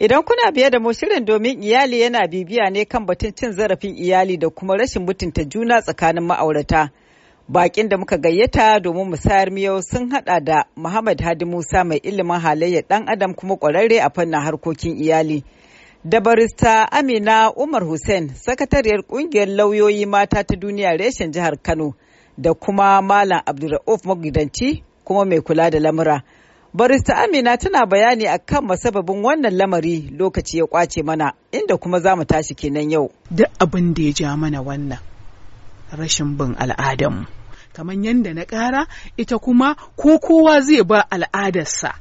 Idan kuna biye da mu shirin domin iyali yana bibiya ne kan batun cin zarafin iyali da kuma rashin mutunta juna tsakanin ma'aurata. Bakin da muka gayyata domin musayar miyau sun hada da Muhammad Hadi Musa mai ilimin halayya dan Adam kuma kwararre a fannin harkokin iyali. Da barista Amina Umar Hussein, sakatariyar kungiyar lauyoyi mata ta duniya reshen jihar Kano, da kuma Malam Abdulrauf magidanci kuma mai kula da lamura. Barista Amina tana bayani a kan masababin wannan lamari lokaci ya kwace mana inda kuma za mu tashi kenan yau. Da abin da ya ja mana wannan rashin bin mu. Kamar yadda na ƙara ita kuma ko kowa zai ba al'adarsa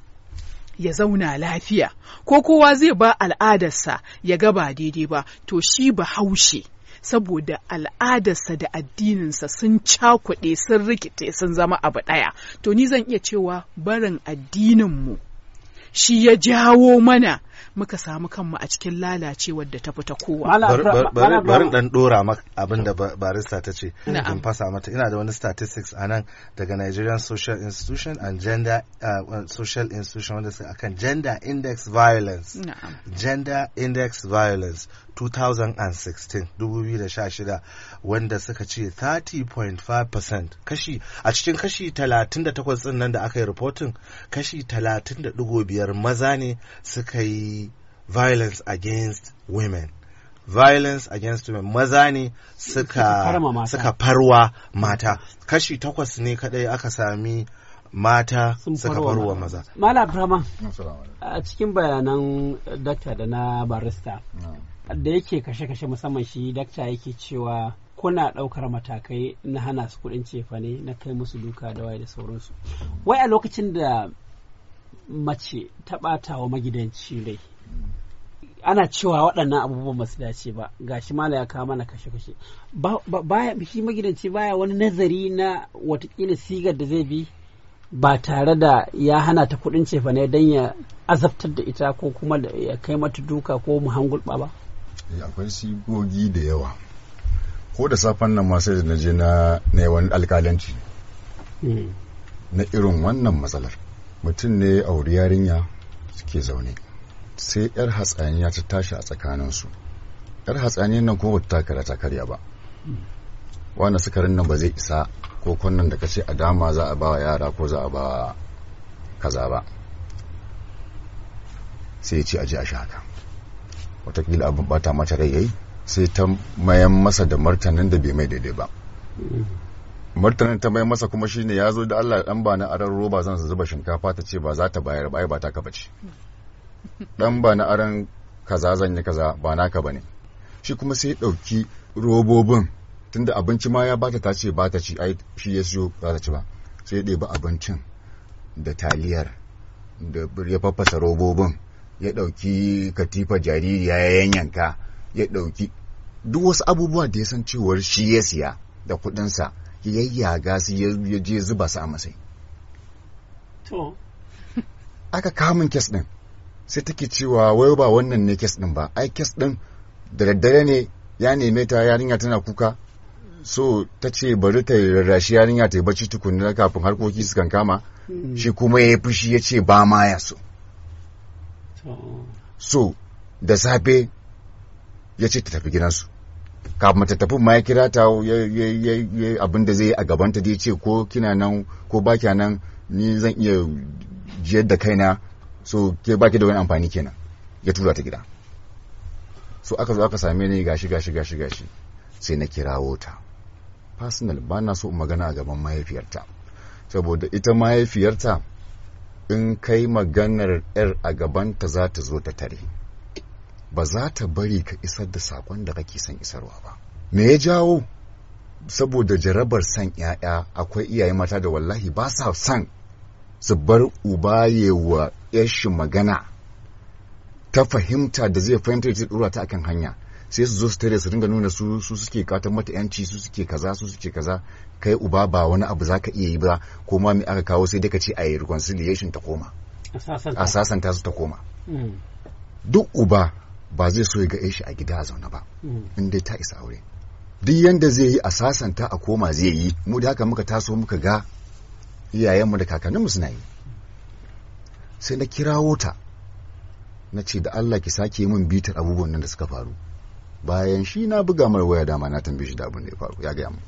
ya zauna lafiya ko kowa zai ba al'adarsa ya gaba daidai ba to shi bahaushe saboda al'adarsa da addininsa sun cakuɗe sun rikite sun zama abu ɗaya to ni zan iya cewa barin addininmu shi ya jawo mana muka samu kanmu a cikin lalacewar da ta fita kowa bari dan dora maka abin da barista ta ce in fasa mata ina da wani statistics a nan daga Nigerian Social Institution and Gender uh, Social Institution wanda suka akan Gender Index Violence Gender Index Violence 2016 2016 wanda suka ce 30.5% kashi a cikin kashi 38 din nan da aka yi reporting kashi 30.5 maza ne suka yi violence against women violence against women maza ne suka suka farwa mata kashi takwas ne kadai aka sami mata suka farwa maza mala brahma a cikin bayanan dakta da na barista da yake kashe-kashe musamman shi dakta yake cewa kuna ɗaukar matakai na hana su kuɗin cefane na kai musu duka da waye da sauransu wai a lokacin da mace ta bata wa magidanci rai ana cewa waɗannan abubuwan ba su dace ba shi mala ya kawo mana kashe-kashe baya shi magidanci baya wani nazari na watakila sigar da zai bi ba tare da ya hana ta kuɗin cefa ne don ya azabtar da ita ko kuma ya kai mata duka ko mu hangulɓa ba eh, akwai sigogi da yawa ko da safen nan masu da na je na wani alkalanci hmm. na irin wannan matsalar mutum ne auri yarinya suke zaune sai yar hatsaniya ta tashi a tsakaninsu yar hatsaniyar nan kuma ta kara ta karya ba wanda sukarin nan ba zai isa ko kunnan da kace a dama za a bawa yara ko za a ba kaza ba sai ya ce ji a shaka watakila abin bata mata rai yayi sai ta mayan masa da martanin da bai mai daidai ba martanin ta mayan masa kuma shine ya zo da Allah dan ba na aran roba zan zuba shinkafa ta ce ba za ta bayar ba ai ba ta ka dan ba na aran kaza zan yi kaza ba naka bane shi kuma sai ɗauki robobin tunda abinci ma ya bata ta ce ba ta ci ai shi ya siyo ba ta ci ba sai ɗeba abincin da taliyar da ya faffasa robobin ya ɗauki katifa jaririya ya yanyanka ya ɗauki duk wasu abubuwa da ya san cewar shi ya siya da kuɗinsa ya yayyaga su ya je zuba su a masai. To. Aka kamun kes ɗin. sai take cewa wai ba wannan ne kes din ba ai kes din da daddare ne ya neme ta yarinya tana kuka so ta ce bari ta rarrashi yarinya ta yi bacci tukunna kafin harkoki su kama hmm. shi kuma ya yi fushi ya ce ba ma ya so so da safe ya ce ta tafi gidansu kafin ta tafi ma ya kira ta abin da zai yi a gabanta da ya ce ko kina nan ko ba kya nan ni zan iya jiyar da kaina so ke baki da wani amfani kenan ya tura ta gida so aka zo aka same ni gashi gashi gashi gashi sai na kirawo ta personal ba na so magana a gaban mahaifiyarta saboda ita mahaifiyarta in kai maganar yar a gabanta za ta zo ta tare ba za ta bari ka isar da sakon da kake son isarwa ba me ya jawo saboda jarabar san ya'ya akwai iyaye mata da wallahi ba sa son su bar uba yewa yashi magana ta fahimta da zai fahimta ta dora ta akan hanya sai su zo su tare su ringa nuna su su suke katon mata yanci su suke kaza su suke kaza kai uba ba wani abu za ka iya yi ba ko ma aka kawo sai dai ka ce a yi reconciliation ta koma a sasanta su ta koma mm. duk uba ba zai so ya ga yashi a gida a zaune ba mm. in dai ta isa aure duk yanda zai yi a sasanta a koma zai yi mu da haka muka taso muka ga iyayenmu da kakanninmu suna yi sai na kirawo ta na ce da Allah ki sake min bitar abubuwan nan da suka faru bayan shi na buga mai waya dama na tambaye shi da abin da ya faru ya gaya mu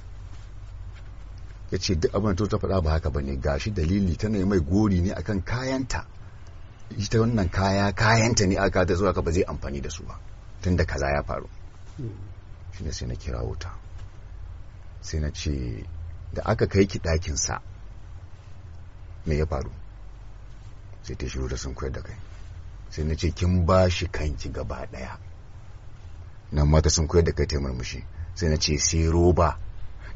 ya ce duk abin da ta faɗa ba haka ba ne gashi dalili tana mai gori ne akan kayanta ita wannan kaya kayanta ne aka ta zuwa ka ba zai amfani da su ba tun da kaza ya faru shi ne sai na kira wuta sai na ce da aka kai ki ɗakinsa me ya faru sai ta shiru da sun koyar da kai sai na ce kin ba shi kanki gaba daya nan mata sun koyar da kai ta murmushi sai na ce sai roba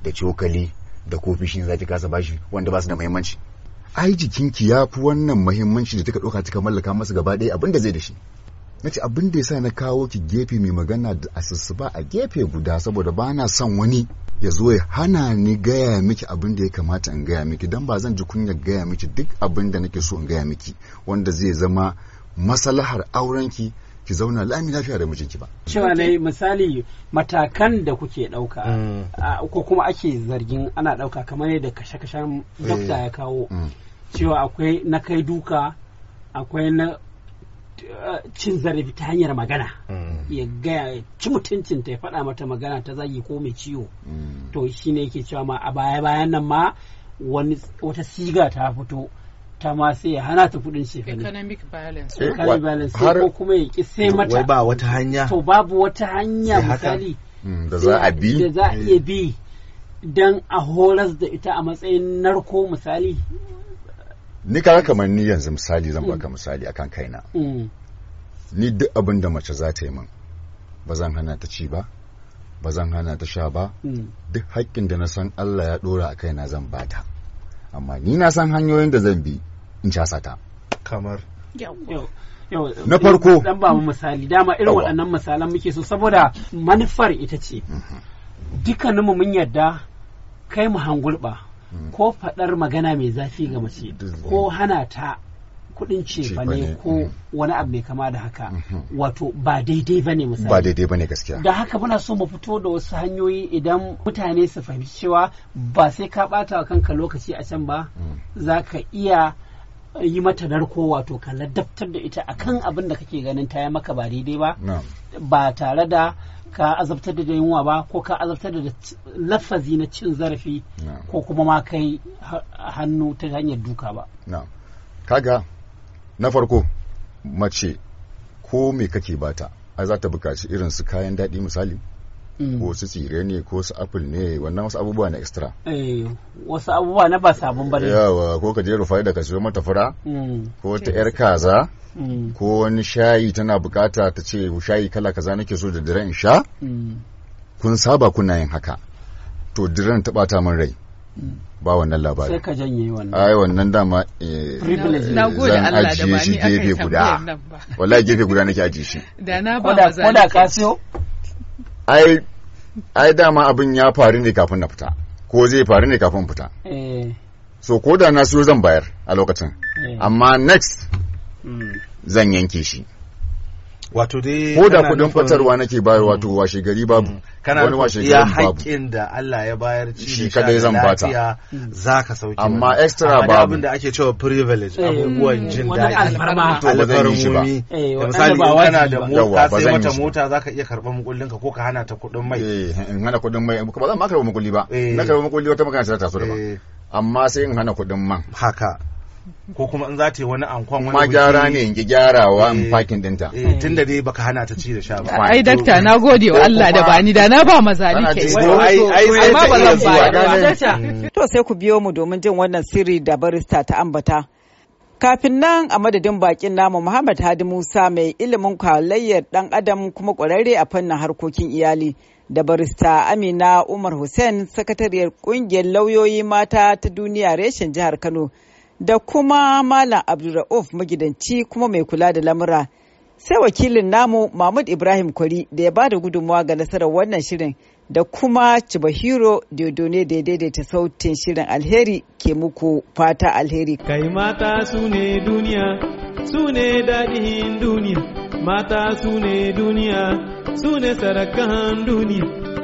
da cokali da kofi shi za kasa bashi wanda ba su da muhimmanci ai jikinki ya fi wannan muhimmanci da kika ɗauka kika mallaka masa gaba daya abin da zai da shi na ce abin da ya sa na kawo ki gefe mai magana da asusuba a gefe guda saboda bana son wani ya zo ya hana ni gaya miki abin da ya kamata in gaya miki don ba zan ji kunyar gaya miki duk abin da nake so in gaya miki wanda zai zama masalahar aurenki ki zauna lami lafiya da mijinki ba. Cewa ne misali matakan da kuke ɗauka mm. ko kuma ake zargin ana ɗauka kamar yadda kashe-kashen eh. dokta ya kawo mm. cewa akwai na kai duka akwai na cin zarafi ta hanyar magana mm. ya gaya ci mutuncin ta ya faɗa mata magana ta zagi ko mai ciwo mm. to shi ne yake cewa ma a baya bayan nan ma wani wata siga ta fito ta ma sai ya hana ta kudin shi economic balance eh, economic balance ko kuma ya ki sai mata wai ba wata hanya to babu wata hanya misali mm, da za a bi da za a iya bi dan a horas da ita a matsayin narko misali ni kaga kamar ni yanzu misali zan baka misali akan kaina mm. ni duk abin da mace za ta yi min ba zan hana ta ci ba ba zan hana ta sha ba mm. duk haƙƙin da na san Allah ya dora a kaina zan bata amma ni na san hanyoyin da zan bi in casa ta kamar na farko dan ba mu misali dama irin waɗannan misalan muke so saboda manufar ita ce mm-hmm. dukkaninmu mun yarda kai mu hangulba. Mm. ko faɗar magana mai zafi ga mace ko hana ta kuɗin cefa ne ko mm. wani abu mai kama da haka mm-hmm. wato ba daidai ba ne misali ba daidai ba ne gaskiya da haka muna so mu fito da wasu hanyoyi idan mutane su fahimci cewa ba sai ka ɓata kanka lokaci a can ba mm. za ka iya yi mata narko wato ka ladabtar da ita akan abin da kake ganin ta yi maka ba daidai ba ba tare da ka azabtar da yunwa ba ko ka azabtar da lafazi na cin zarafi ko kuma ma kai hannu ta hanyar duka ba kaga na farko mace ko me kake bata a za ta bukaci irin su kayan daɗi misali Mm. ko su tsire ne ko su apple ne wannan wasu abubuwa na extra eh wasu abubuwa na ba sabon bane yawa ko ka je rufai da ka siyo mata fura mm. ko ta yar kaza mm. ko wani shayi tana bukata ta ce shayi kala kaza nake so da daren sha kun saba kuna yin haka to diran ta bata min rai ba wannan labari sai ka janye wannan ai wannan dama eh, zan ajiye shi gefe guda wallahi gefe guda nake ajiye shi da na ba maza ko da ka siyo ai ai dama abin ya faru ne kafin na fita ko zai faru ne kafin fita eh. so ko da na siyo zan bayar a lokacin eh. amma next hmm. zan yanke shi wato dai ko da kudin fatarwa nake bayar wato mm. washe gari babu mm. kana wani washe gari babu haƙƙin da Allah ya bayar ci shi kadai zan bata mm. zaka sauke amma extra babu abin da ake cewa privilege eh, abubuwan jin daɗi to ba zan yi shi ba eh, misali kana da mota sai wata mota zaka iya karɓar mukullin ka ko ka hana ta kuɗin mai eh, in hana kuɗin mai ba zan ma karɓar mukulli ba na karɓar mukulli wata makana ta taso da ba amma sai in hana kuɗin man haka ko kuma in za ta yi wani ankon wani ma gyara ne in gyarawa in fakin eh, dinta eh, tun da dai baka hana ta ci da sha ba ai dakta na gode wa Allah da bani da na ba maza ke ai ai amma ba zan ba to sai ku biyo mu domin jin wannan sirri da barista ta ambata Kafin nan a madadin bakin namu Muhammad Hadi Musa mai ilimin kwalayyar ɗan adam kuma ƙwararre a fannin harkokin iyali da barista Amina Umar Hussein sakatariyar ƙungiyar lauyoyi mata ta duniya reshen jihar Kano da kuma Malam Abdulra'uf magidanci kuma mai kula da lamura. Sai wakilin namu Mahmud Ibrahim Kwari da ya bada gudunmawa ga nasarar wannan shirin da kuma Chibahiro Diodone da ya daidaita sautin shirin alheri ke muku fata alheri. Kai mata su ne duniya, su ne daɗin duniya, mata su ne duniya, su ne sarakan duniya.